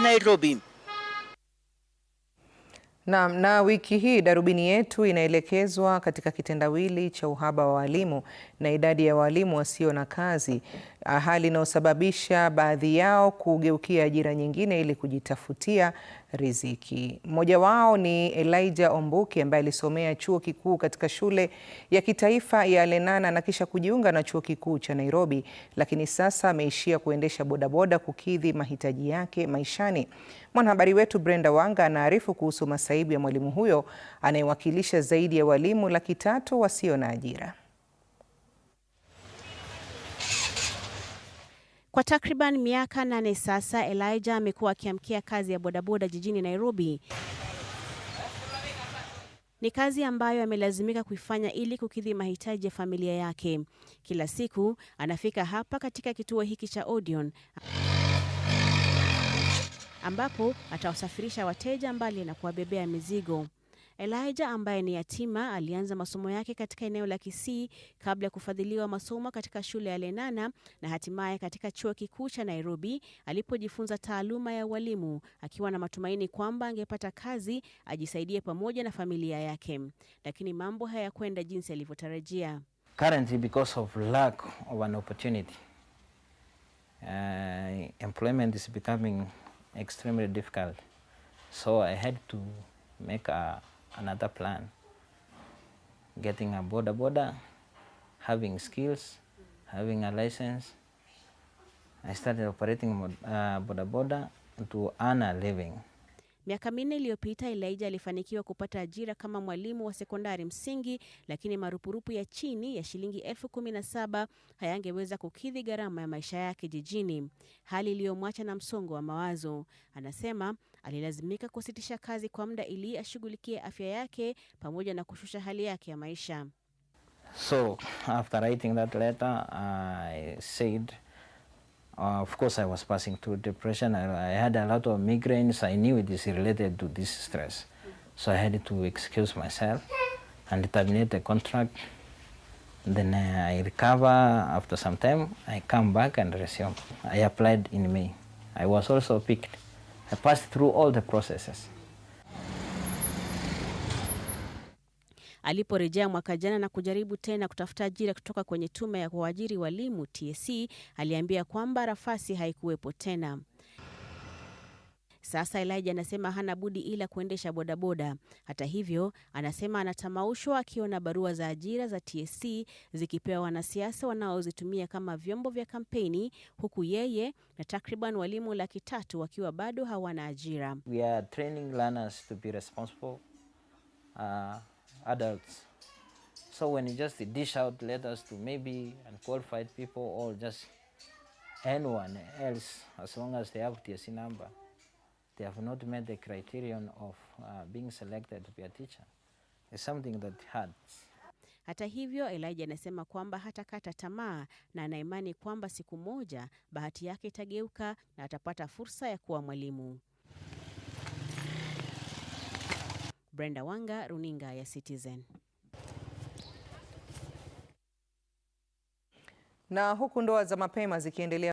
Nairobi. Na, na wiki hii darubini yetu inaelekezwa katika kitendawili cha uhaba wa walimu na idadi ya walimu wasio na kazi, ah, hali inayosababisha baadhi yao kugeukia ajira nyingine ili kujitafutia riziki. Mmoja wao ni Elijah Ombuki ambaye alisomea chuo kikuu katika shule ya kitaifa ya Lenana na kisha kujiunga na chuo kikuu cha Nairobi, lakini sasa ameishia kuendesha bodaboda kukidhi mahitaji yake maishani. Mwanahabari wetu Brenda Wanga anaarifu kuhusu masa masaibu ya mwalimu huyo anayewakilisha zaidi ya walimu laki tatu wasio na ajira. Kwa takriban miaka nane sasa, Elijah amekuwa akiamkia kazi ya bodaboda jijini Nairobi. Ni kazi ambayo amelazimika kuifanya ili kukidhi mahitaji ya familia yake. Kila siku anafika hapa katika kituo hiki cha Odion ambapo atawasafirisha wateja mbali na kuwabebea mizigo. Elijah ambaye ni yatima alianza masomo yake katika eneo la Kisii kabla ya kufadhiliwa masomo katika shule ya Lenana na hatimaye katika chuo kikuu cha Nairobi alipojifunza taaluma ya ualimu akiwa na matumaini kwamba angepata kazi ajisaidie pamoja na familia yake, lakini mambo hayakwenda jinsi alivyotarajia. Currently because of lack of an opportunity, uh, employment is becoming extremely difficult. So I had to make a, another plan. Getting a border border, having skills, having a license. I started operating uh, border border to earn a living. Miaka minne iliyopita Elijah alifanikiwa kupata ajira kama mwalimu wa sekondari msingi, lakini marupurupu ya chini ya shilingi elfu kumi na saba hayangeweza kukidhi gharama ya maisha yake jijini, hali iliyomwacha na msongo wa mawazo. Anasema alilazimika kusitisha kazi kwa muda ili ashughulikie afya yake pamoja na kushusha hali yake ya maisha. So, after writing that letter, I said, Uh, of course, I was passing through depression. I, I, had a lot of migraines. I knew it is related to this stress. So I had to excuse myself and terminate the contract. Then uh, I recover after some time. I come back and resume. I applied in May. I was also picked. I passed through all the processes. Aliporejea mwaka jana na kujaribu tena kutafuta ajira kutoka kwenye tume ya kuajiri walimu TSC, e, aliambia kwamba nafasi haikuwepo tena. Sasa Elijah anasema hana budi ila kuendesha bodaboda. Hata hivyo, anasema anatamaushwa akiona barua za ajira za TSC e zikipewa wanasiasa wanaozitumia kama vyombo vya kampeni, huku yeye na takriban walimu laki tatu wakiwa bado hawana ajira. We are training learners to be responsible. Uh, adults. So when you just dish out letters to maybe unqualified people or just anyone else, as long as they have TSC number, they have not met the criterion of uh, being selected to be a teacher. It's something that hurts. Hata hivyo, Elijah anasema kwamba hatakata tamaa na anaimani kwamba siku moja bahati yake itageuka na atapata fursa ya kuwa mwalimu. Brenda Wanga, runinga ya Citizen. Na huku ndoa za mapema zikiendelea